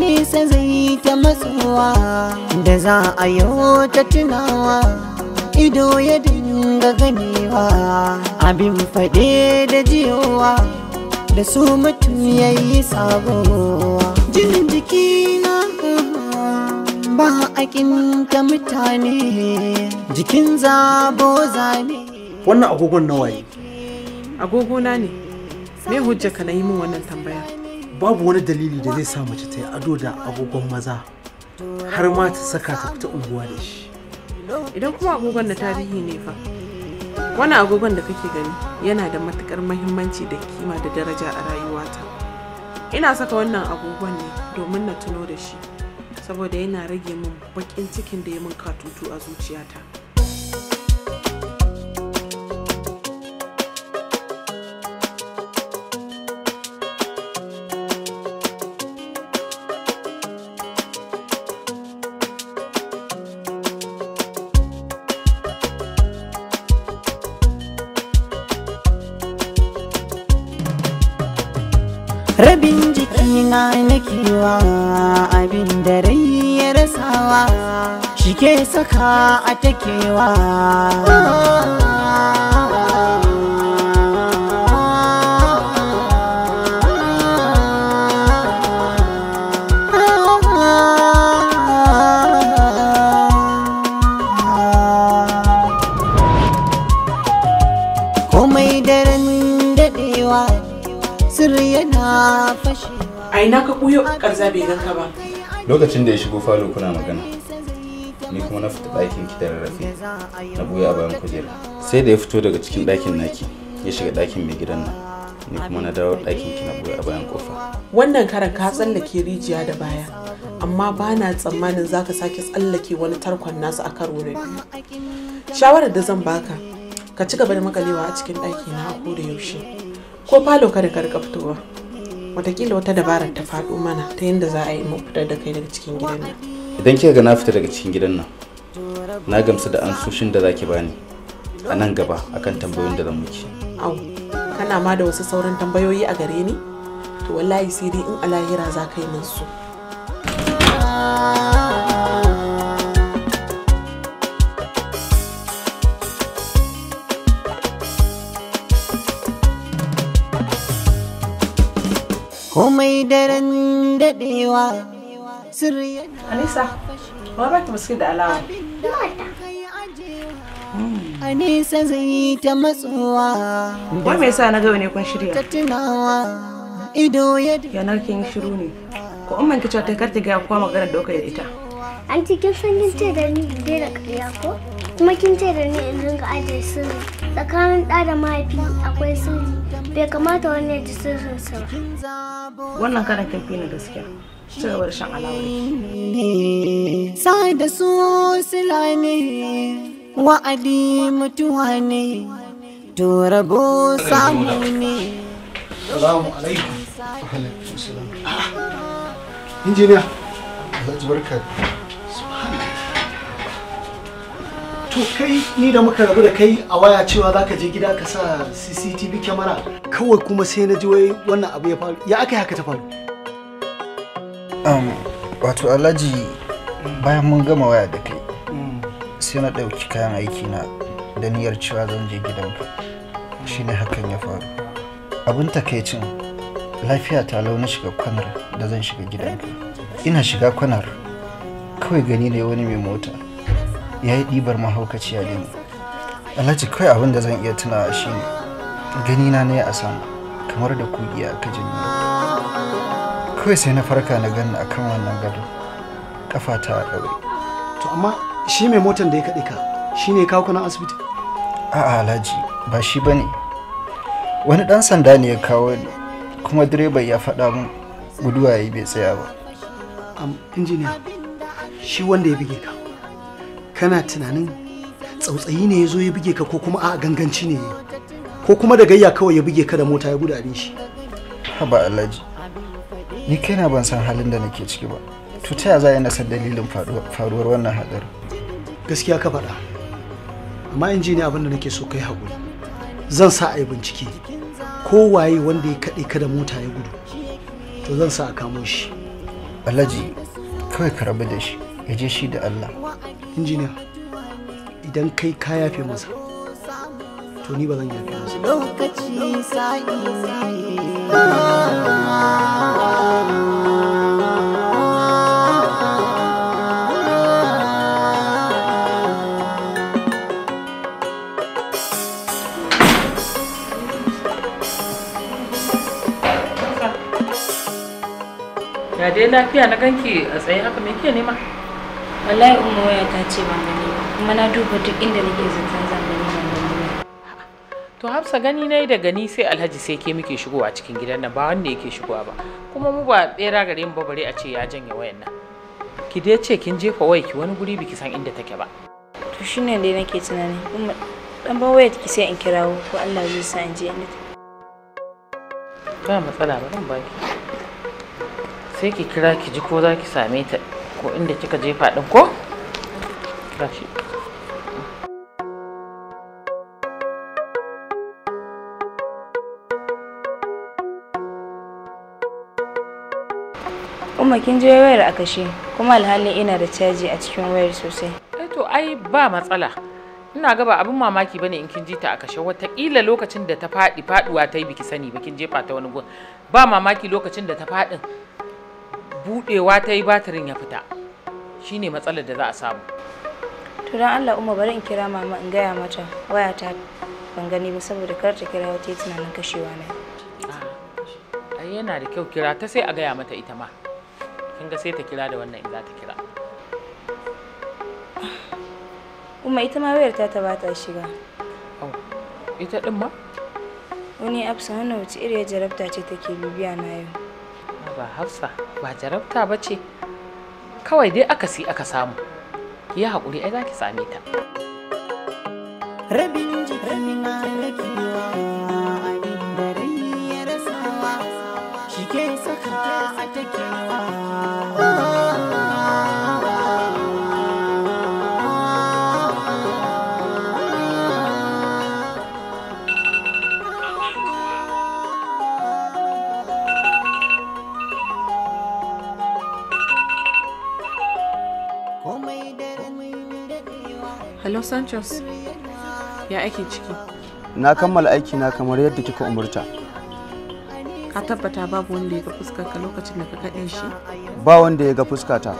nesa zai ta matsuwa da za a yi wata tunawa ido ya dinga ganewa abin faɗe da jiyowa da su mutum ya yi sabuwa jinin jiki na ba a ta mutane jikin zabo zane wannan agogon nawa ne agogona ne me hujja ka na yi min wannan tambaya babu wani dalili da zai sa mace ta yi ado da agogon maza har ma ta saka ta fita unguwa da shi idan kuma agogon da tarihi ne fa wani agogon da kake gani yana da matukar mahimmanci da kima da daraja a rayuwata ina saka wannan agogon ne domin na tuno da shi saboda yana rage min bakin cikin da ya min katutu a zuciyata rabin jikina nakewa abin da rai ya rasawa shi ke saka a takewa a ka kuyo karza bai ganka ba lokacin da ya shigo falo kuna magana ni kuma na fita ɗakin ki da rarrafe na buya a bayan kujera sai da ya fito daga cikin ɗakin naki ya shiga ɗakin mai gidan nan ni kuma na dawo ɗakin ki na buya a bayan kofa wannan karan ka tsallake rijiya da baya amma ba na tsammanin za ka sake tsallake wani tarkon nasu a karo na biyu shawarar da zan baka ka ci gaba da makalewa a cikin ɗaki na a yaushe ko falo kada ka rika fitowa watakila wata dabarar ta faɗo mana ta yadda za a yi mu fitar da kai daga cikin gidan nan idan kika ga na fita daga cikin gidan nan na gamsu da ansoshin da zaki bani a nan gaba akan tambayoyin da zan miki au kana ma da wasu sauran tambayoyi a gare ni to wallahi sai dai in a lahira za ka yi min su komai daren dadewa sirri yana Anisa, wani baki biskit da alawa. Anisa zai ta matsuwa. Wai me yasa na gawa ne kun shirya? Ta tunawa ido ya Yanar kin shiru ne. Ko umman ki ta kar ta ga kuma magana da kai da ita. An cikin sanin ce da ni da ƙarya ko? kuma kin ce da ni in ringa ajiye sirri tsakanin ɗa da mahaifi akwai sirri bai kamata wani ya ji sirrin sa ba wannan kada kai fi ni gaskiya ci gaba da shan alawari sai da su sila ne wa'adi mutuwa ne to rabo samu ne salamu alaikum ah, injiniya barka to kai ni da muka rabu da kai a waya cewa zaka je gida ka sa CCTV camera kawai kuma sai na ji wai wannan abu ya faru ya aka haka ta faru wato Alhaji bayan mun gama waya da kai mm. sai na ɗauki kayan aiki na da niyyar cewa zan je gidanka shine hakan ya faru abin takaicin lafiya ta lau shiga kwanar da zan shiga gidanka ina shiga kwanar kawai gani ne wani mai mota ya yi ɗibar mahaukaciya da ni alhaji kawai abin da zan iya tunawa shi ne na ne a sama kamar da kugiya ka jini kawai sai na farka na ganna akan wannan gado kafa ta ɗaure to amma shi mai motan da ya kaɗe ka shi ne kawo nan asibiti a'a alhaji ba shi ba ne wani ɗan sanda ne ya kawo ni kuma direban ya faɗa min guduwa ya yi bai tsaya ba injiniya shi wanda ya bige ka kana tunanin tsautsayi ne ya zo ya buge ka ko kuma a ganganci ne ko kuma da gayya kawai ya buge ka da mota ya gudu abin shi haba alhaji ni kaina ban san halin da nake ciki ba to ta yaya za a san dalilin faruwar wannan hadar gaskiya ka faɗa amma in ji ne abin da nake so kai haƙuri zan sa a yi bincike ko waye wanda ya kaɗe ka da mota ya gudu to zan sa a kamo shi alhaji kawai ka rabu da shi ya je shi da Allah injiniya idan kai ka yafe masa to ni ba zan yafe masa lokaci sai Ya dai lafiya na ganki a tsaye haka me ke nema? wallahi umma waya ta ce ban gani ba kuma na duba duk inda nake zaton zan gani ban gani ba to hafsa gani na da gani sai alhaji sai ke muke shigowa cikin gidan nan ba wanda yake shigowa ba kuma mu ba bera gare mu ba bare a ce ya janye wayan nan ki dai ce kin jefa waya ki wani guri biki san inda take ba to shine dai nake tunani umma dan ba waya ki sai in kirawo ko Allah zai sa in je inda ba matsala ba dan baki sai ki kira ki ji ko za ki same ta ko inda kika jefa din ko gashi Umma kin je wayar a kashe kuma alhali ina da caji a cikin wayar sosai. Eh to ai ba matsala. Ina ga ba abin mamaki bane in kin ji ta a kashe wataƙila lokacin da ta faɗi faɗuwa ta yi biki sani ba kin jefa ta wani gun. Ba mamaki lokacin da ta faɗin budewa ta yi batirin ya fita shine matsalar da za a samu to dan Allah Umma bari in kira mama in gaya mata wayata ban gani ba saboda kar ta kira wata tunanin kashewa na ah, ai yana da kyau kira ta sai a gaya mata ita ma kin ga sai ta kira da wannan in za ta kira Umma ita ma wayar ta ta bata shiga oh, ita din ma wani absa wannan wace iriyar jarabta ce take bibiya na yau ba hafsa ba jarabta ba ce kawai dai aka si aka samu ki yi haƙuri ai za ki same ta rabi sanchez ya ake ciki? Na kammala aiki na kamar yadda kika umurta. Ka tabbata babu wanda ya ga fuskarka lokacin da ka kaɗe shi? Ba wanda ya ga fuskata.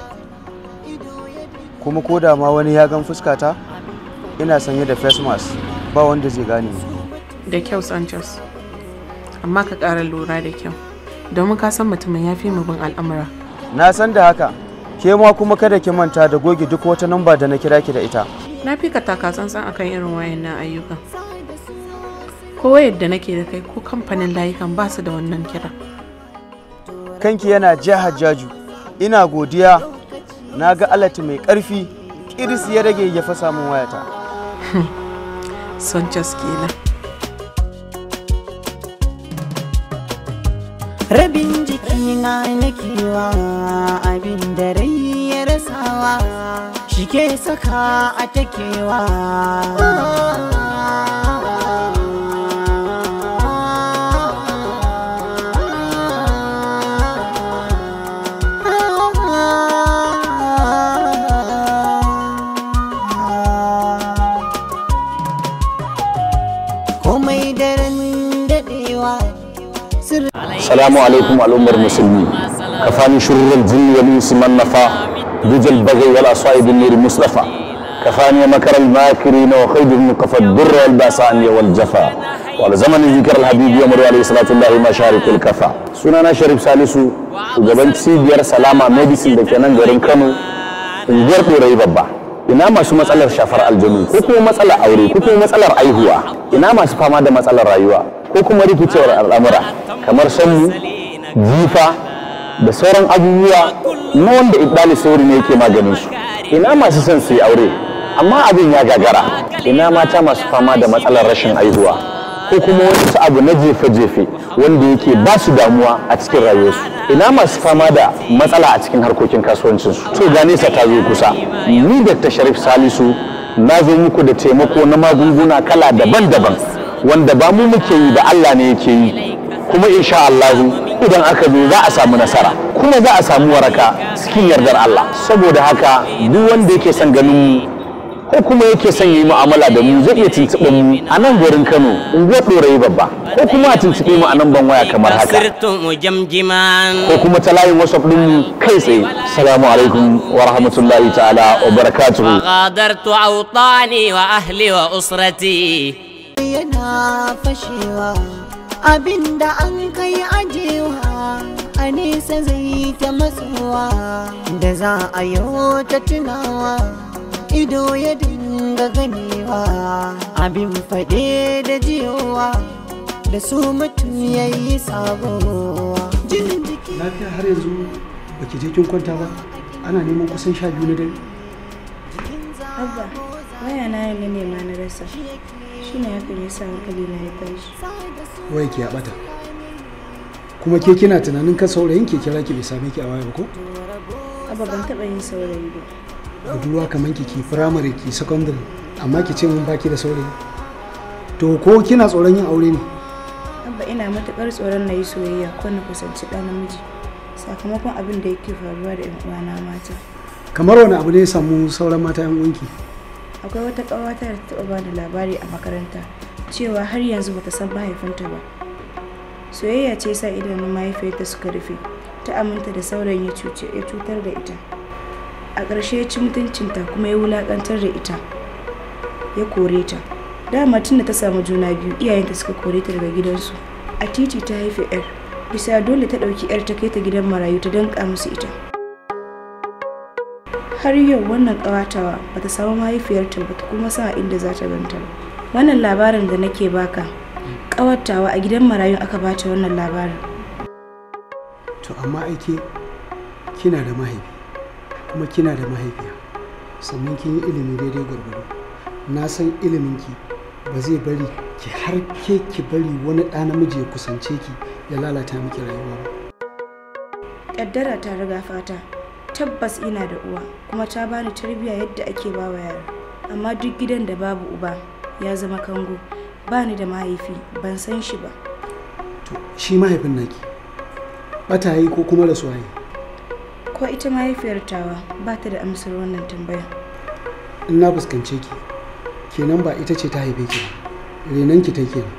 Kuma ko da ma wani ya gan fuskata? Ina sanye da face mask, ba wanda zai gane ni. Da kyau sanchez amma ka ƙara lura da kyau. Domin ka san mutumin ya fi mu bin al'amura. Na san da haka. ke ma kuma kada ki manta da goge duk wata namba da na kira ki da ita na fi ka taka tsantsan akan irin wayannan ayyuka ko yadda nake da kai ko kamfanin layukan ba su da wannan kira kanki yana jihar jaju ina godiya na ga alati mai karfi kiris ya rage ya fasa min wayata sanchez kenan rabin na nakewa abin da rai ya rasawa shi ke saka a takewa salamu alaikum al'ummar musulmi kafani shurrul jinni wal insi man nafa bijal bagai wala aswa'i nuri mustafa kafani makar al makirin wa khaydu min qafa ad-durr wal jafa wa zaman zikr al habibi wa marwa alayhi salatu ma masharik al kafa sunana sharif salisu shugaban cibiyar salama medicine da ke nan garin kano unguwar ɗorayi babba ina masu matsalar shafar aljanu ko kuma matsalar aure ko kuma matsalar aihuwa ina masu fama da matsalar rayuwa ko kuma rikicewar al'amura kamar sanyi jifa da sauran abubuwa na wanda iddali sauri ne yake maganin su ina masu son su yi aure amma abin ya gagara ina mata masu fama da matsalar rashin haihuwa? ko kuma wasu abu na jefe-jefe wanda yake ba su damuwa a cikin rayuwarsu ina masu fama da matsala a cikin harkokin kasuwancin su to gane sa ta zo kusa ni da ta sharif salisu na zo muku da taimako na magunguna kala daban-daban wanda ba mu muke yi da Allah ne yake yi kuma insha Allah idan aka zo za a samu nasara kuma za a samu waraka cikin yardar Allah saboda haka duk wanda yake son ganin mu ko kuma yake son yi mu'amala da mu zai iya tuntuɓe mu a nan garin Kano unguwar Ɗorayi babba ko kuma a tuntuɓe mu a nan ban waya kamar haka ko kuma ta layin WhatsApp ɗin mu kai tsaye Salamu alaikum wa rahmatullahi ta'ala wa barakatuhu ghadartu awtani wa ahli wa usrati yana fashewa abinda an kai ajewa a nesa zai ta matsowa da za a yi ta tunawa ido ya dinga ganewa abin faɗe da jiyowa da su mutum ya yi sabowa lafiya har yanzu ba ke je kin kwanta ba ana neman kusan sha biyu na dare abba waya na ne ma na rasa shi ne hakan ya sa hankali na ya tashi wai ki ya bata kuma ke kina tunanin kan saurayin ke kira ki bai same ki a waya ba ko abba ban taba yin saurayi ba budurwa kamar ki ki firamare ki secondary amma ki ce mun baki da saurayi to ko kina tsoron yin aure ne abba ina matukar tsoron na yi soyayya ko na kusanci ɗan namiji sakamakon abin da yake faruwa da 'yan mata kamar wani abu ne ya samu sauran mata 'yan uwanki akwai wata ƙawata da taɓa ba da labari a makaranta cewa har yanzu bata san mahaifinta ba soyayya ce sa idanun mahaifiyarta suka rufe ta aminta da sauran ya cutar da ita a ƙarshe ya ci mutuncinta kuma ya wulaƙantar da ita ya kore ta dama tun da ta samu juna biyu iyayenta suka kore ta daga gidansu a titi ta haifi 'yar bisa dole ta ɗauki 'yar ta kai ta gidan marayu ta danƙa musu ita har yau wannan ƙawatawa ba ta samu mahaifiyarta ba ta kuma sa inda za ta ganta ba wannan labarin da nake baka ƙawatawa a gidan marayun aka bata wannan labarin to amma aike kina da mahaifi kuma kina da mahaifiya sannan kin yi ilimi daidai gwargwado na san iliminki ba zai bari ki har ke ki bari wani ɗa namiji ya kusance ki ya lalata miki rayuwa ba ƙaddara ta riga fata tabbas ina da uwa kuma ta bani tarbiyya yadda ake ba wa yara amma duk gidan da babu uba ya zama kango bani da mahaifi ban san shi ba to shi mahaifin naki bata yi ko kuma rasuwaye ko ita mahaifiyar tawa ba ta da amsar wannan tambaya in na fuskance ki kenan ba ita ce ta haife ki renan ki ta kenan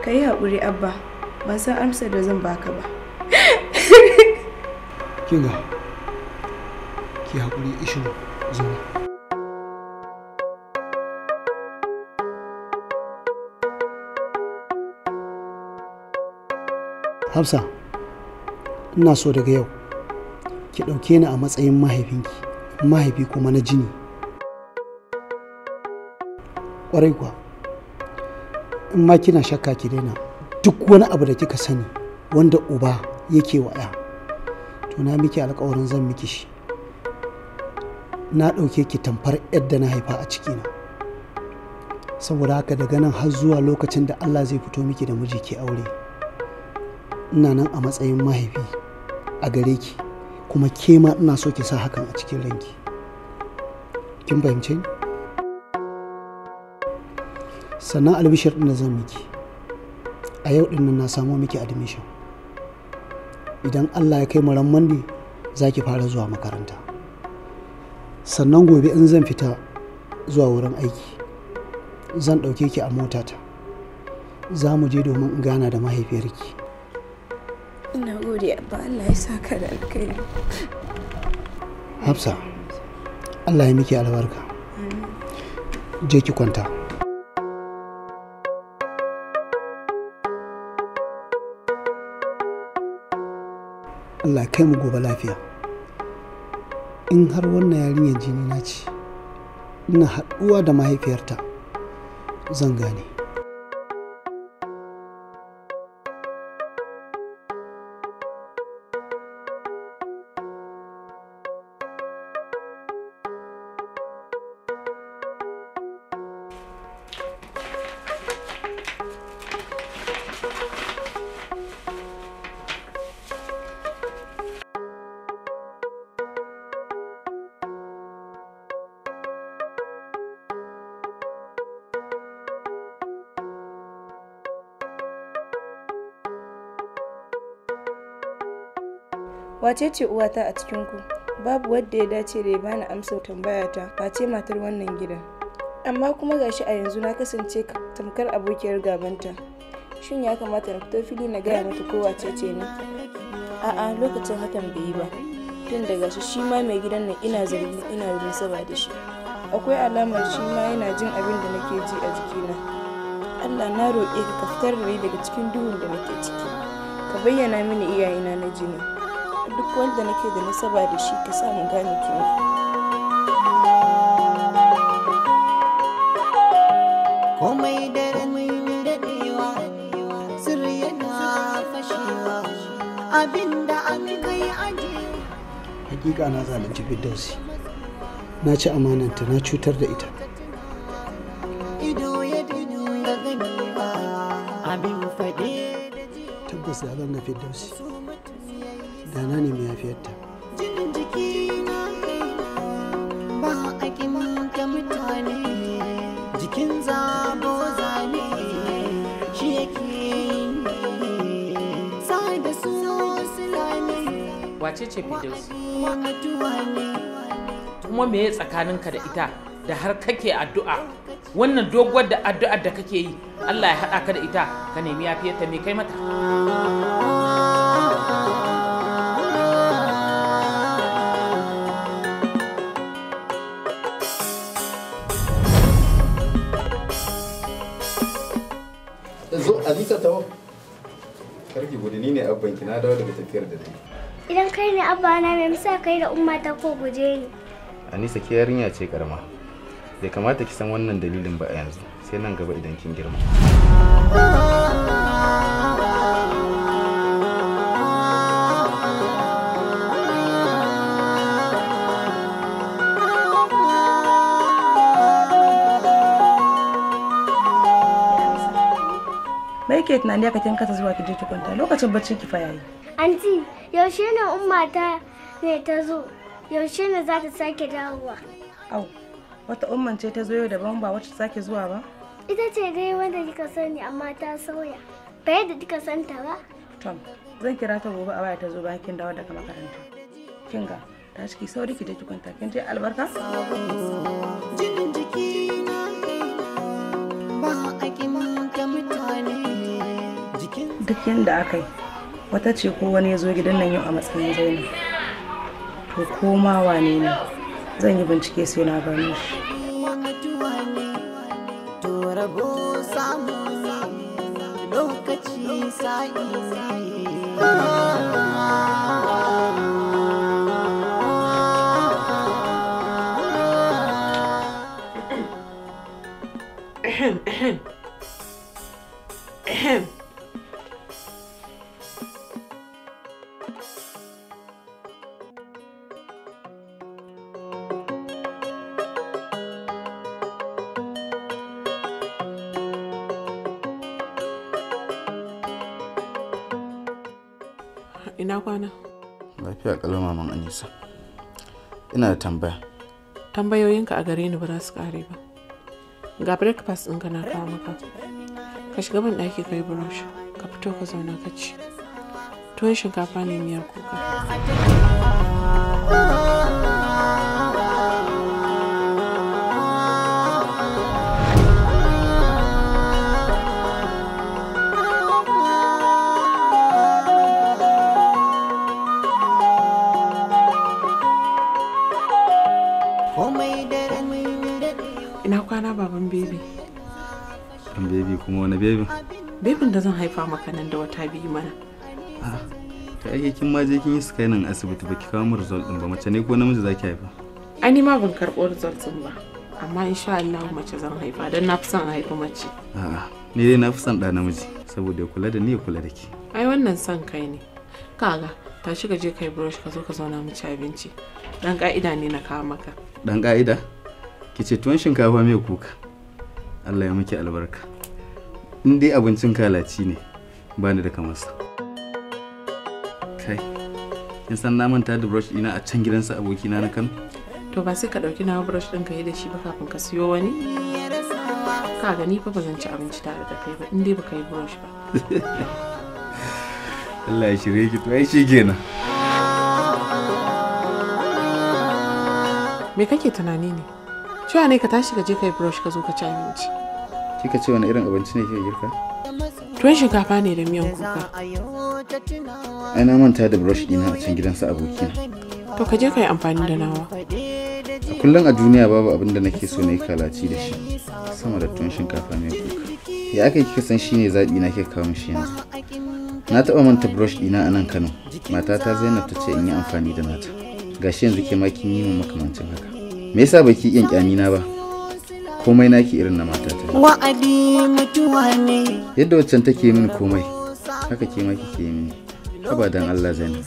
ka yi haƙuri abba ban san amsar da zan baka ba kinga ki haƙuri ishin zuma hafsa ina so daga yau ki ɗauke ni a matsayin mahaifinki mahaifi kuma na jini ƙwarai kuwa in ma kina shakka ki daina duk wani abu da kika sani wanda uba yake wa 'ya to na miki alƙawarin zan miki shi na ɗauke ki tamfar yadda na haifa a ciki na saboda haka daga nan har zuwa lokacin da allah zai fito miki da miji ke aure ina nan a matsayin mahaifi a gare ki kuma ke ma ina so ki sa hakan a cikin ranki kin fahimce ni sannan albishir ɗin da zan miki a yau ɗin nan na samo miki admission idan allah ya kai mu ran za ki fara zuwa makaranta sannan gobe in zan fita zuwa wurin aiki zan ɗauke ki a motata za mu je domin in gana da mahaifiyarki ina gode abba allah ya saka da alkai hafsa allah ya miki albarka je ki kwanta Allah kai mu gobe lafiya. in har wannan yarinyar jini na ce ina haɗuwa da mahaifiyarta zan gane wace ce uwata a cikinku babu wadda ya dace da ya bani amsar tambayata face matar wannan gidan amma kuma gashi a yanzu na kasance tamkar abokiyar gabanta shin ya kamata na fito fili na gaya mata ko wace ce ne a'a lokacin hakan bai yi ba tun daga su shi ma mai gidan nan ina zargi ina da nasaba da shi akwai alamar shi ma yana jin abin da nake ji a jikina allah na roƙe ka fitar da ni daga cikin duhun da nake ciki ka bayyana mini iyayena na jini duk wanda nake da nasaba da shi ka samu gane kin komai daɗewa yana fashewa an kai hakika na zalunci fidansi na ci amananta na cutar da ita Tabbas ya zama na gani tabbas ya wace ce kuma me tsakaninka da ita da har kake addu'a wannan doguwar da addu'ar da kake yi Allah ya haɗa ka da ita ka nemi yafiyarta me kai mata zo ta tawo karki gudu ni ne abbanki na dawo daga tafiyar da dai Idan kai ne na mai misa kai da umma ta ko guje ni. Anisa ke yarinya ce karama. Bai kamata ki san wannan dalilin ba yanzu sai nan gaba idan kin girma. me na tunani aka tinka zuwa ki je ki kwanta lokacin bacci ki fa anti yaushe ne umma ta ne ta zo yaushe ne za ta sake dawowa au wata umman ce ta zo yau daban ba wacce sake zuwa ba ita ce dai wanda kika sani amma ta sauya ba yadda kika santa ba tom zan kira ta gobe a waya ta zo bayan kin dawo daga makaranta kinga ta ciki sauri ki je ki kwanta kin je albarka ba a ta mutane duk yadda aka yi wata ce ko wani ya zo gidan nan yau a matsayin zainab to ko ma wane ne zan yi bincike sai na gano shi lokaci ina da tambaya tambayoyinka a gare ni ba za su kare ba ga breakfast ɗinka na kawo maka ka shiga ban ɗaki ka yi brush ka fito ka zauna ka ci tuwon shinkafa ne miyar kuka sabon bebi abin bebi kuma wani bebin bebin da zan haifa maka nan da wata biyu mana ah, ta ake kin ma je kin yi scanning asibiti ki kawo mu result din ba mace ne ko namiji zaki haifa ani ma ban karɓo result din ba amma insha Allah mace zan haifa dan na fi son haifa mace a'a ni dai na fi son da namiji saboda kula da ni ya kula da ki ai wannan son kai ne kaga tashi ka je kai brush ka zo ka zauna mu ci abinci dan ka'ida ne na kawo maka dan ka'ida ki ce tuwon shinkafa mai kuka allah ya miki albarka in dai abincin kalaci ne ba ni da kamarsa kai kin san na manta da brush ɗina a can gidansa abokina na kano to ba sai ka ɗauki nawa brush ɗin ka yi da shi ba kafin ka siyo wani ka gani fa ba zan ci abinci tare da kai ba in dai ba ka yi brush ba Allah ya shirye ki to ai shi kenan me kake tunani ne cewa ne ka tashi ka je ka yi brush ka zo ka ci abinci ka ce wani irin abinci ne ke girka tuwon shinkafa ne da miyan kuka ai na manta da brush dina a can gidansa abokina to ka je ka yi amfani da nawa a kullum a duniya babu abin da nake so na yi kalaci da shi sama da tuwon shinkafa mai kuka ya aka yi kika san shi ne zaɓi na ke kawo mishi yanzu na taɓa manta brush ɗina a nan kano matata zainab ta ce in yi amfani da nata gashi yanzu ke ma kin yi min makamancin haka me yasa baki yin na ba komai naki irin na matata wa'adi mutuwa ne yadda waccan take min komai haka ke ma kike mini abadan Allah zani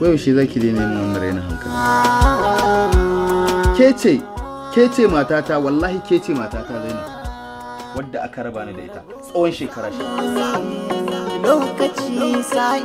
wai yaushe zaki daina min wannan raina hankali ke ce ke ce matata wallahi ke ce matata zainab wadda aka raba ni da ita tsawon shekara shi lokaci sa'i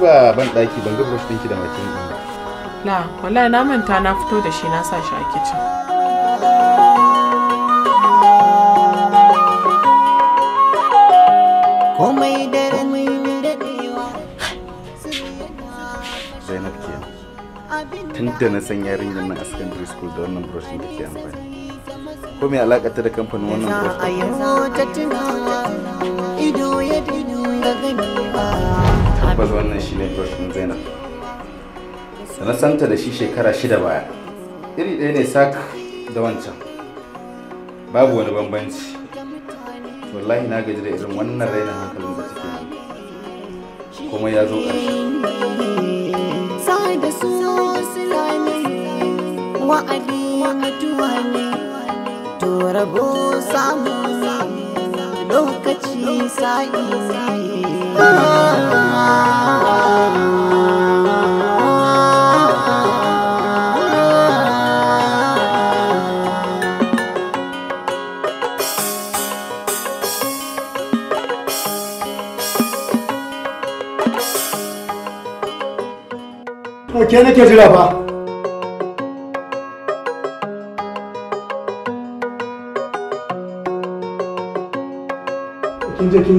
zuba ban daki ban ga brush ɗinki da mace ɗin ba. Na, wallahi na manta na fito da shi na sa shi a kicin. Komai da Zainab ke tun da na san yarinyar nan a secondary school da wannan brush ɗin ke amfani. Ko me alaƙa ta da kamfanin wannan brush? Ido tabbas wannan shi brush din zainab da na santa da shi shekara shida baya iri ɗaya ne sak da wancan babu wani bambanci wallahi na gaji da irin wannan rainin hankalin da take yi kuma ya zo ƙarshe wa'adi samu samu lokaci sa'i ke nake jira fa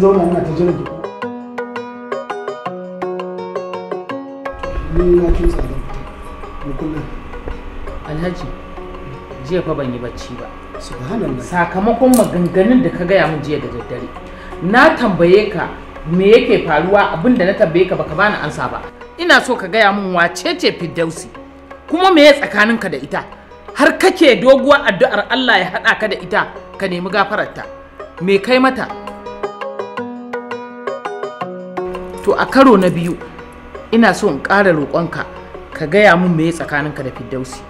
zauna ina ta ni na da alhaji jiya fa ban yi bacci ba subhanallah sakamakon maganganun da ka gaya min jiya da daddare na tambaye ka me yake faruwa abinda na tambaye ka baka bani ansa ba ina so ka gaya min wace ce firdausi kuma me ya tsakaninka da ita har kake doguwar addu'ar Allah ya haɗa ka da ita ka nemi gafararta me kai mata to a karo na biyu ina so in ƙara roƙonka ka gaya min me tsakaninka da fiddausi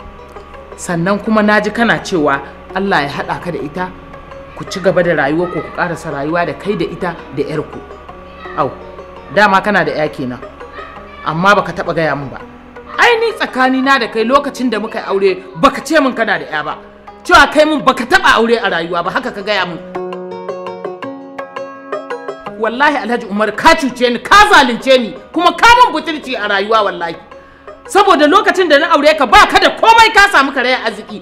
sannan kuma na ji kana cewa allah ya haɗa ka da ita ku ci gaba da rayuwa ko ku ƙarasa rayuwa da kai da ita da ƴarku. au dama kana da ya kenan amma baka taɓa gaya mun ba ai ni na da kai lokacin da muka aure baka ce min kana da ya ba cewa kai mun baka taɓa aure a rayuwa ba haka ka gaya mun wallahi alhaji umar ka cuce ni ka zalunce ni kuma ka ban butulci a rayuwa wallahi saboda lokacin da na aure ka ba ka da komai ka samu karaya arziki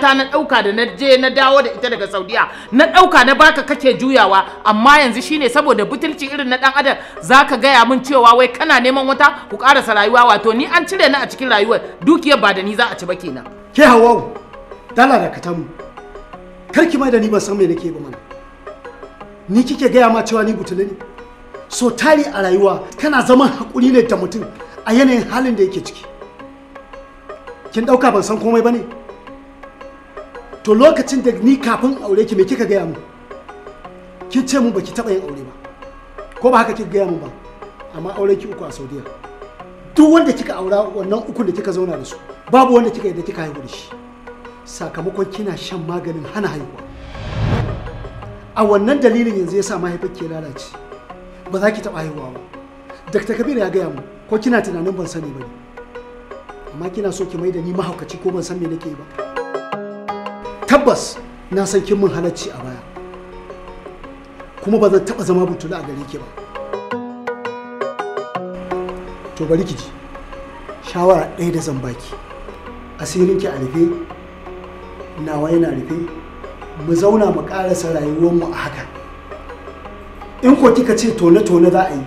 ta na ɗauka da na je na dawo da ita daga saudiya na ɗauka na baka kake juyawa amma yanzu shine saboda butulci irin na dan adam zaka ka gaya min cewa wai kana neman wata ku karasa rayuwa wato ni an cire ni a cikin rayuwar dukiyar ba da ni za a ci ba kenan ke hawau dala da katamu kar mai da ni ban san me nake ba mana ni kike gaya ma cewa ni butuli ne so tari a rayuwa kana zaman hakuri ne da mutum a yanayin halin da yake ciki kin ɗauka ban san komai ba to lokacin da ni kafin aure ki me kika gaya mu kin ce mu baki taba yin aure ba ko ba haka kika gaya mu ba amma aure ki uku a saudiya duk wanda kika aura wannan uku da kika zauna da su babu wanda kika yadda kika haihu da shi sakamakon kina shan maganin hana haihuwa a wannan dalilin yanzu ya sa mahaifar ke lalace ba za ki taɓa haihuwa ba dakta kabir ya gaya mu ko kina tunanin ban sani ba ne amma kina so ki mai da ni mahaukaci ko ban san me nake ba tabbas na san kin mun halacci a baya kuma ba zan taɓa zama butula a gare ki ba to bari ki ji shawara ɗaya da zan baki ki a rufe nawa yana rufe mu zauna mu ƙarasa rayuwarmu a haka in ko kika ce tone-tone za a yi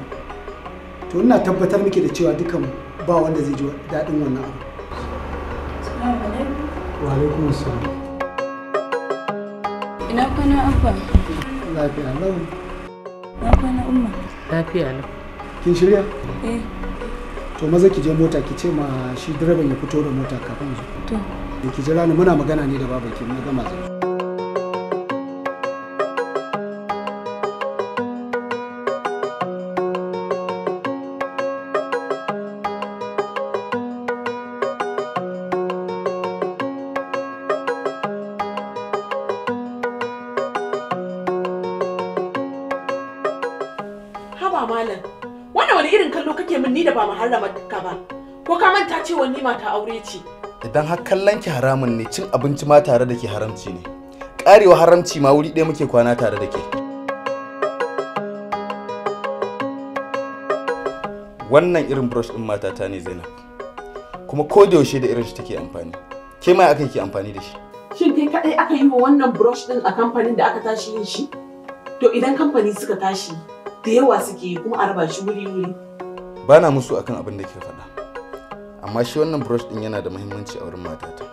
to ina tabbatar muke da cewa dukan ba wanda zai ji daɗin wannan abu wa alaikum assalam ina kwana abba lafiya lau na kwana umma lafiya lau kin shirya eh to maza ki je mota ki ce ma shi direban ya fito da mota kafin zuwa to ki jira ni muna magana ne da babanki na gama zuwa ba ko ka manta cewa ni mata aure ce idan har kallon ki haramun ne cin abinci ma tare da ke haramci ne karewa haramci ma wuri ɗaya muke kwana tare da ke wannan irin brush mata matata ne zainab kuma ko da yaushe da irin shi take amfani ke mai aka yi amfani da shi shin kai kadai aka yi wa wannan brush din a kamfanin da aka tashi yin shi to idan kamfani suka tashi da yawa suke yi kuma a raba shi wuri-wuri bana musu akan abin da ke faɗa amma shi wannan brush din yana da muhimmanci a wurin matata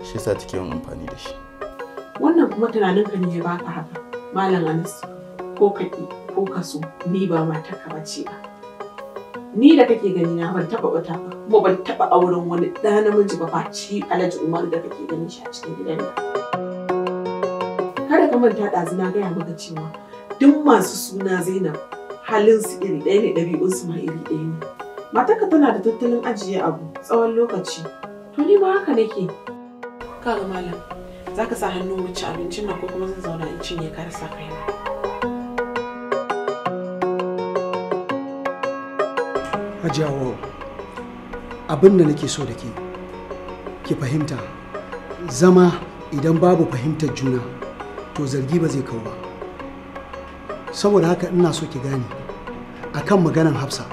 shi yasa take yawan amfani da shi wannan kuma tunanin ka ne ya baka haka malam Anas ko kaki ko kaso ni ba ka bace ba ni da kake gani na ban taba bata ba kuma ban taba auren wani ɗa namiji ba face Alhaji Umar da kake gani shi a cikin gidan nan kada ka manta ɗazu na gaya maka cewa duk masu suna Zainab halin su iri ɗaya ne ɗabi'un su ma iri ɗaya ne matarka tana da tattalin ajiye abu tsawon lokaci to ni ma haka nake kaga malam za ka sa hannu mu ci abincin nan ko kuma zan zauna in cinye ka rasa kaina Hajiyawo abin da nake so da ke ki fahimta zama idan babu fahimtar juna to zargi ba zai kawo ba saboda haka ina so ki gane akan maganan hafsa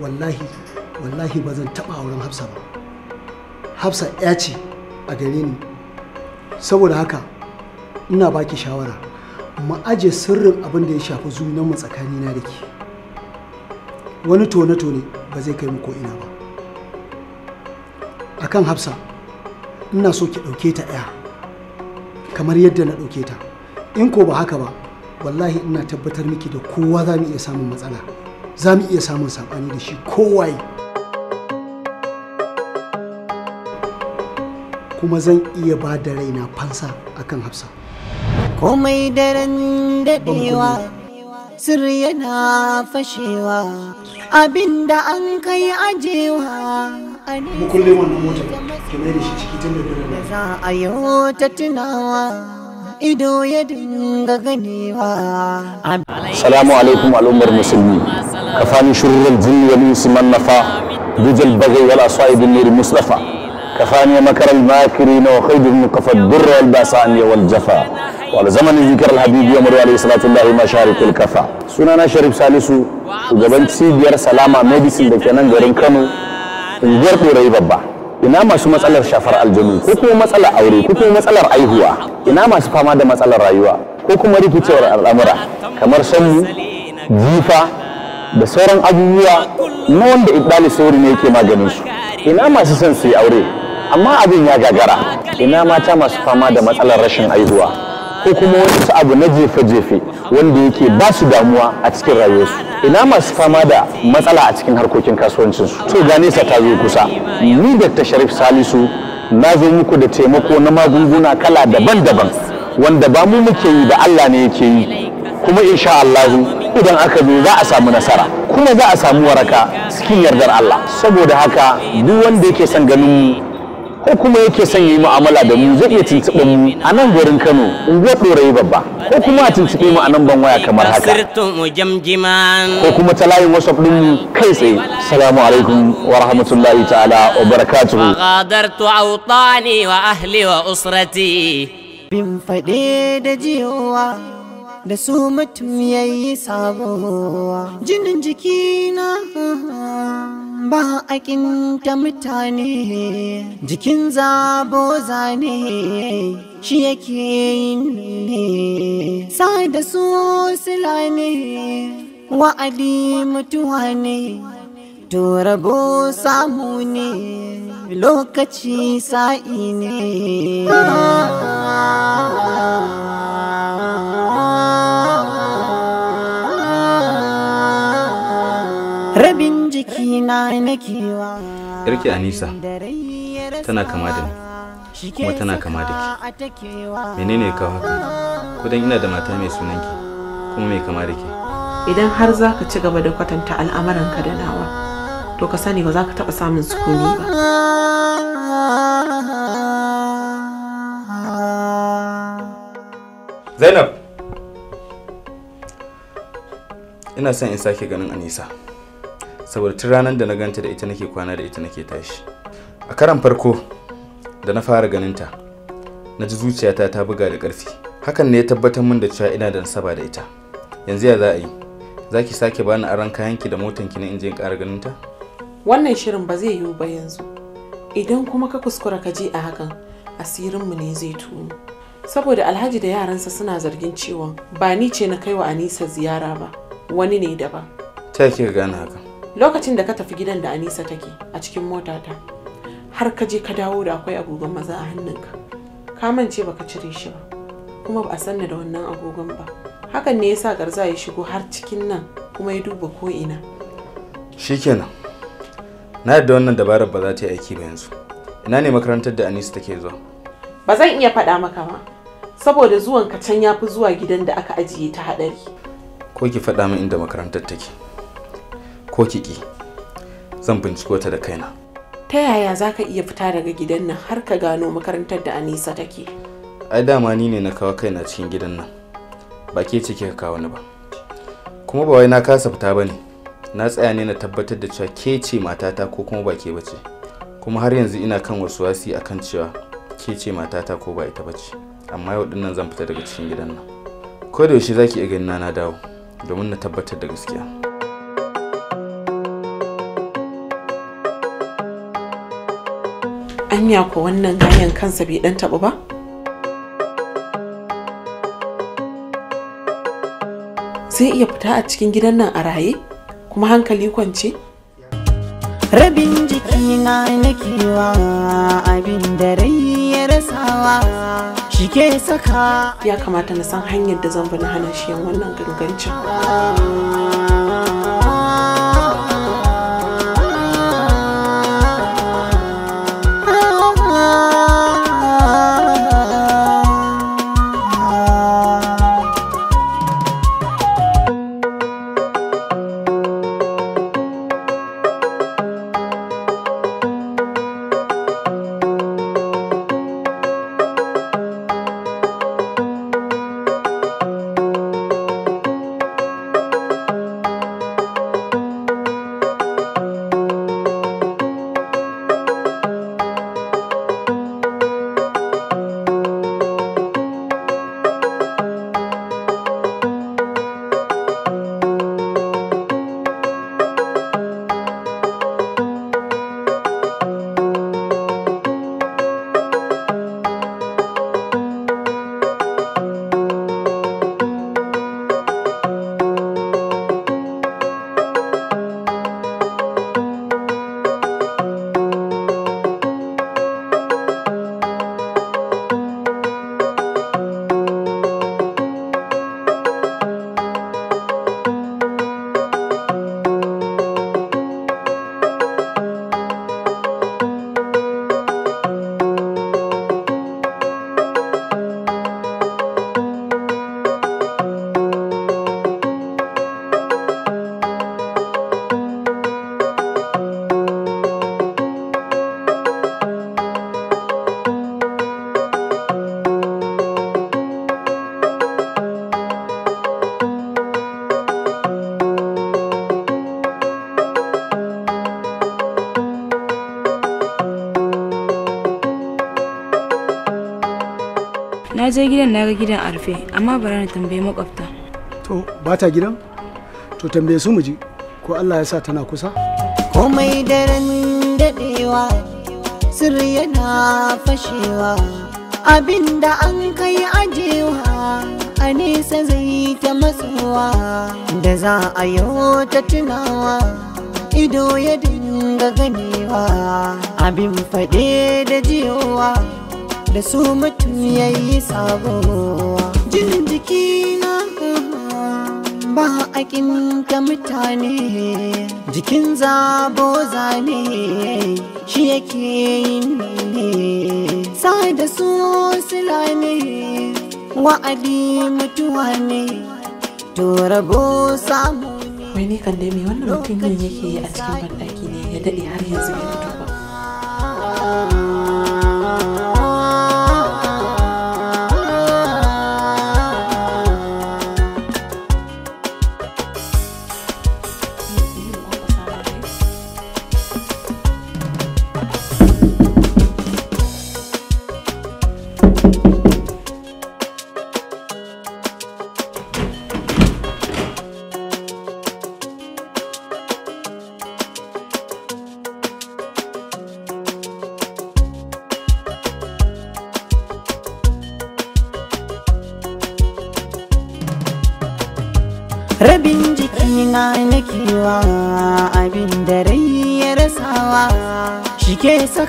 wallahi wallahi ba zan taɓa auren hafsa ba hafsa ya ce a gare ni saboda haka ina baki shawara mu aje sirrin abin da ya shafi mu tsakanina da ke wani tone-tone ba zai kai mu ko ina ba akan hafsa ina so ki ɗauke ta ɗaya kamar yadda na ɗauke ta in ko ba haka ba wallahi ina tabbatar miki da kowa za mu iya samun matsala za mu iya samun saɓani da shi kowaye kuma zan iya ba da raina fansa akan hafsa komai daren daɗewa sirri yana fashewa abinda an kai ajewa mu kulle wannan motar ke mai da shi ciki tun da dare za a yi ta tunawa ido ya dinga ganewa. Salamu alaikum al'ummar musulmi. Kafani shirin jini wani musulman nafa. Bijil bagai wala su aibin nuri Mustafa. Kafani makar al-makiri na wakai da mu kafa durra wal basa an jafa. Wala zamani zikar al-habibi ya murwa alaihi salatu Allahi ma kafa. Sunana Sharif Salisu, shugaban cibiyar Salama Medicine da ke nan garin Kano, ungiyar Turai babba. ina masu matsalar shafar aljanu ko kuma matsalar aure ko kuma matsalar aihuwa ina masu fama da matsalar rayuwa ko kuma rikicewar al'amura kamar sanmu jifa da sauran abubuwa na wanda sauri ne yake maganin su ina masu son su yi aure amma abin ya gagara ina mata masu fama da matsalar rashin aihuwa ko kuma wani abu na jefe-jefe wanda yake ba su damuwa a cikin rayuwarsu ina masu fama da matsala a cikin harkokin kasuwancin su to ga nesa ta zo kusa ni dr sharif salisu na zo muku da taimako na magunguna kala daban-daban wanda ba mu muke yi da allah ne yake yi kuma insha allahu idan aka zo za a samu nasara kuma za a samu waraka cikin yardar allah saboda haka duk wanda yake son ganin ko kuma yake son yi mu'amala da mu zai iya tuntuɓe mu a nan garin Kano unguwar Dorayi babba ko kuma a tuntuɓe mu a nan ban waya kamar haka ko kuma ta layin WhatsApp ɗin mu kai tsaye Salamu alaikum wa rahmatullahi ta'ala wa barakatuhu qadartu awtani wa ahli wa usrati bin fade da jiwa da su mutum ya yi sabowa. jinin jikina ba a ta mutane jikin zabo zane shi yake yi ne sa da su sila ne wa'adi mutuwa ne to rabo samu ne lokaci sa'i ne rabin jikina nakewa yarki anisa tana kama da ni kuma tana kama da ki menene ka haka kudan ina da mata mai sunan ki kuma mai kama da ki idan har za ka ci gaba da kwatanta al'amuran ka da nawa to ka sani ba za ka taɓa samun sukuni ba zainab ina son in sake ganin anisa saboda tun ranar da na ganta da ita nake kwana da ita nake tashi a karan farko da na fara ganinta na ji zuciyata ta buga da ƙarfi hakan ne ya tabbatar min da cewa ina da nasaba da ita yanzu ya za a yi za ki sake bani aron kayanki da ki na in je in ƙara ganinta wannan shirin ba zai yiwu ba yanzu idan kuma ka kuskura ka je a hakan asirinmu ne zai tuno saboda alhaji da yaransa suna zargin cewa ba ni ce na kaiwa anisa ziyara ba wani ne daban ta kika gane haka. lokacin da ka tafi gidan da anisa take a cikin motata har ka je ka dawo da akwai agogon maza a hannunka ka mance baka cire shi ba kuma ba a sanna da wannan agogon ba hakan ne yasa garza ya shigo har cikin nan kuma ya duba ko ina shikenan na yadda wannan dabarar ba za ta yi aiki ba yanzu ina ne makarantar da anisa take zuwa ba zan iya faɗa maka ba saboda zuwan ka can ya fi zuwa gidan da aka ajiye ta haɗari ko ki faɗa min inda makarantar take ko kiki zan binciko ta da kaina ta yaya za ka iya fita daga gidan nan har ka gano makarantar da anisa take ai dama ni ne na kawo kaina cikin gidan nan ba ke ce kika kawo ni ba kuma ba wai na kasa fita ba ne na tsaya ne na tabbatar da cewa ke ce matata ko kuma ba ke bace kuma har yanzu ina kan wasu wasi akan cewa ke ce matata ko ba ita bace amma yau dinnan zan fita daga cikin gidan nan ko da yaushe ki iya ganin na dawo domin na tabbatar da gaskiya anya ko wannan ganyen kansa bai dan taba ba zai iya fita a cikin gidan nan a raye kuma hankali kwance rabin jiki jikina nakewa abin da rai ya rasawa shi ke saka ya kamata na san hanyar da zan bi na hana shi wannan gangancin na ga gidan arfe amma bari na tambaye makwabta to ba ta gidan to tambaye su mu ji ko Allah ya sa tana kusa komai daren dadewa sir yana fashewa abinda an kai ajewa a nesa zai ta matsuwa da za a yi ta tunawa ido ya dinga ganewa abin faɗe da jiyowa da su mutu yayi sabo jinin jikina ba a ka mutane jikin zabo zane shi yake yin ne sa da su sila wa'adi mutuwa ne to rabo samu wai ni kan dai me wannan mutum yake a cikin banɗaki ne ya daɗe har yanzu ya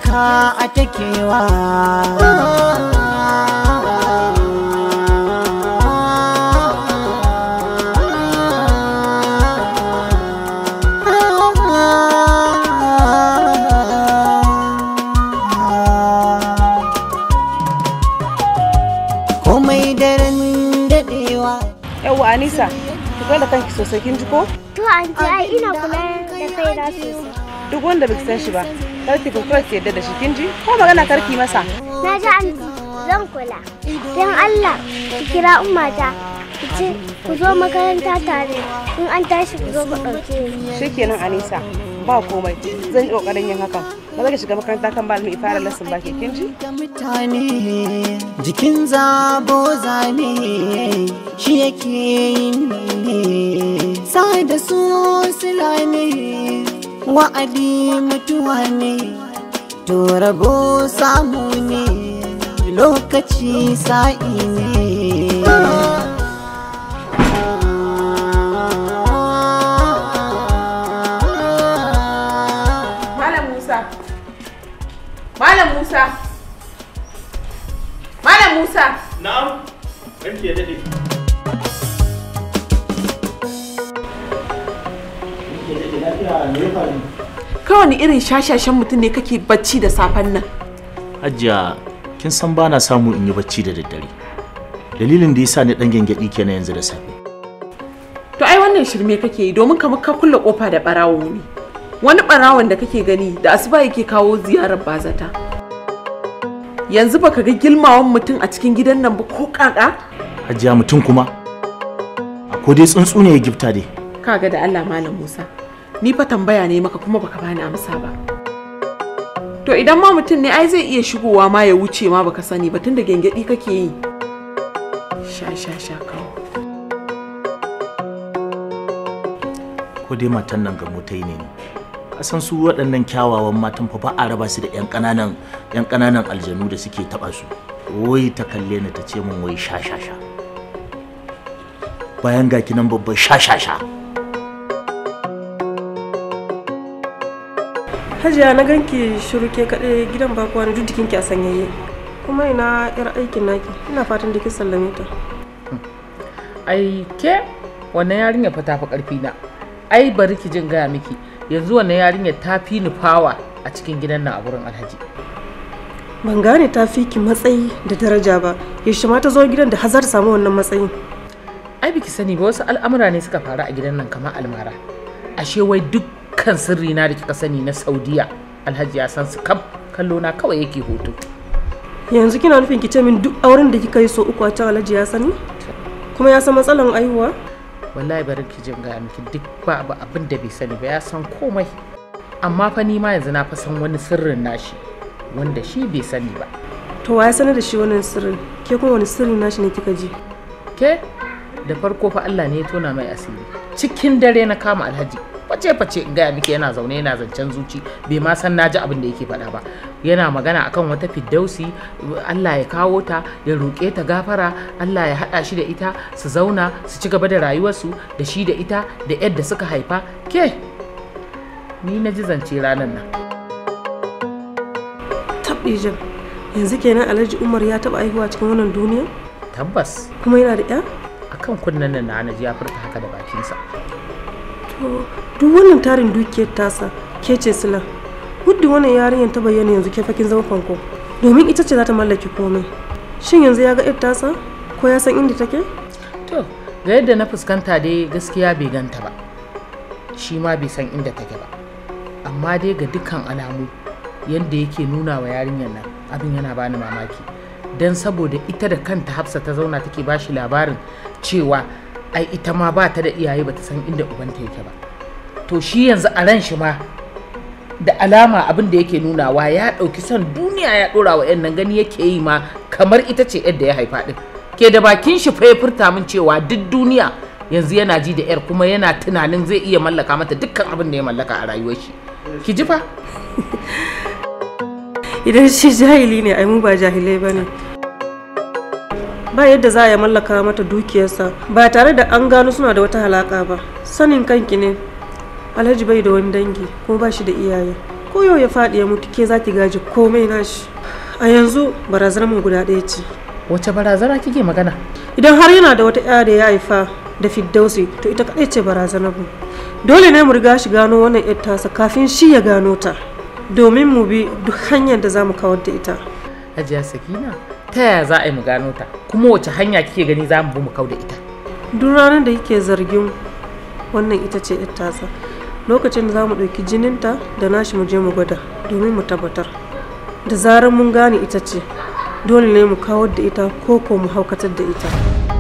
talaka a takewa komai daren dadewa. Yawwa Anisa, ki kula da kanki sosai kin ji ko? To an ji ina kula da kaina sosai. Duk wanda bai san shi ba, karki kokura ki yadda da shi kin ji ko magana karki masa na ji an zan kula don Allah ki kira ummata ki ce ku zo makaranta tare in an tashi ku zo ku ɗauke shikenan Anisa ba komai zan yi kokarin yin hakan ba za ka shiga makaranta kan ba mai fara lesson ba ke kin ji mutane jikin zabo zame shi yake yin ne sai da su sulame wa'adi mutuwa ne to rabo samu ne lokaci sa'i ne Malam Musa Malam Musa Malam Musa Na'am ranke daɗe. kawani irin shashashen mutum ne kake bacci da safen nan hajiya kin san ba na samu in yi bacci da daddare dalilin da yasa ni dan gengedi kenan yanzu da safe to ai wannan shirme kake yi domin kamar ka kulle kofa da barawo ne wani barawon da kake gani da asuba yake kawo ziyarar bazata yanzu baka ga gilmawan mutum a cikin gidan nan ba ko kaka hajiya mutum kuma ko dai tsuntsu ne ya gifta dai kaga da Allah malam Musa ni fa tambaya ne maka kuma baka bani amsa ba to idan ma mutum ne ai zai iya shigowa ma ya wuce ma baka sani ba tunda gengedi kake yi sha sha sha kawo ko dai matan nan ga motai ne a san su waɗannan kyawawan matan fa ba a raba su da yan kananan yan kananan aljanu da suke taɓa su wai ta kalle ni ta ce min wai sha sha sha bayan ga nan babban sha sha sha hajiya na ganki shuru ke kaɗai gidan ba kowa duk jikin ki a sanyaye kuma ina yar aikin naki ina fatan da ki sallame ta ai ke wannan yarinya fa karfi na ai bari ki jin gaya miki yanzu wannan yarinya ta fi ni fawa a cikin gidan nan a gurin alhaji ban gane ta fi ki matsayi da daraja ba ya ma ta zo gidan da hazar samu wannan matsayin ai biki sani ba wasu al'amura ne suka faru a gidan nan kamar almara ashe wai duk dukkan sirri na da kika sani na saudiya alhaji ya san su kam kallo na kawai yake hoto yanzu kina nufin ki ce min duk auren da kika yi so uku a can alhaji ya sani kuma ya san matsalan aihuwa wallahi bari ki jin ga miki duk ba abu abin da bai sani ba ya san komai amma fa ni ma yanzu na fa san wani sirrin nashi wanda shi bai sani ba to wa ya sanar da shi wannan sirrin ke kuma wani sirrin nashi ne kika ji ke da farko fa Allah ne ya tona mai asiri cikin dare na kama alhaji face-face in gaya miki yana zaune yana zancen zuci bai ma san naji abin da yake faɗa ba yana magana akan wata fiddausi Allah ya kawo ta ya roƙe ta gafara Allah ya haɗa shi da ita su zauna su ci gaba da rayuwarsu da shi da ita da yadda suka haifa ke ni na ji zance ranar nan tabbijin yanzu kenan alhaji umar ya taba aihuwa cikin wannan duniya tabbas kuma yana da 'ya akan kunnen nan na ji ya furta haka da bakinsa to duk wannan tarin dukiyar tasa ke ce sila gudda wannan yarinyar ta bayyana yanzu ke fakin zama fanko domin ita ce za ta mallaki komai shin yanzu ya ga yar tasa ko ya san inda take to ga yadda na fuskanta dai gaskiya bai ganta ba shi ma bai san inda take ba amma dai ga dukkan alamu yadda yake nuna wa yarinyar nan abin yana bani mamaki don saboda ita da kanta hafsa ta zauna take bashi labarin cewa ai ita ma ba ta da iyaye ba ta san inda ubanta yake ba to shi yanzu a ran shi ma da alama abin da yake nunawa ya ɗauki son duniya ya ɗora wa 'yan nan gani yake yi ma kamar ita ce yadda ya haifa ɗin ke da bakin shi fa ya furta min cewa duk duniya yanzu yana ji da 'yar kuma yana tunanin zai iya mallaka mata dukkan abin da ya mallaka a rayuwar shi ki ji fa idan shi jahili ne ai mu ba jahilai ba ba yadda za a yi mallaka mata dukiyarsa ba tare da an gano suna da wata halaka ba sanin kanki ne alhaji bai da wani dangi ko ba shi da iyaye ko yau ya faɗi ya mutu ke za ki gaji komai nashi a yanzu barazanar mu guda ɗaya ce wace barazana kike magana idan har yana da wata yara da ya haifa da fiddausi to ita kaɗai ce barazanar mu dole ne mu riga shi gano wannan yar tasa kafin shi ya gano ta domin mu bi duk hanyar da za mu kawar da ita hajiya sakina ta yaya za a yi mu gano ta kuma wace hanya kike gani za mu bi mu kawar da ita duk ranar da kike zargin wannan ita ce yar tasa lokacin da za mu ɗauki jininta da nashi mu je mu gwada domin mu tabbatar da zarar mun gane ita ce dole ne mu kawar da ita ko ko mu haukatar da ita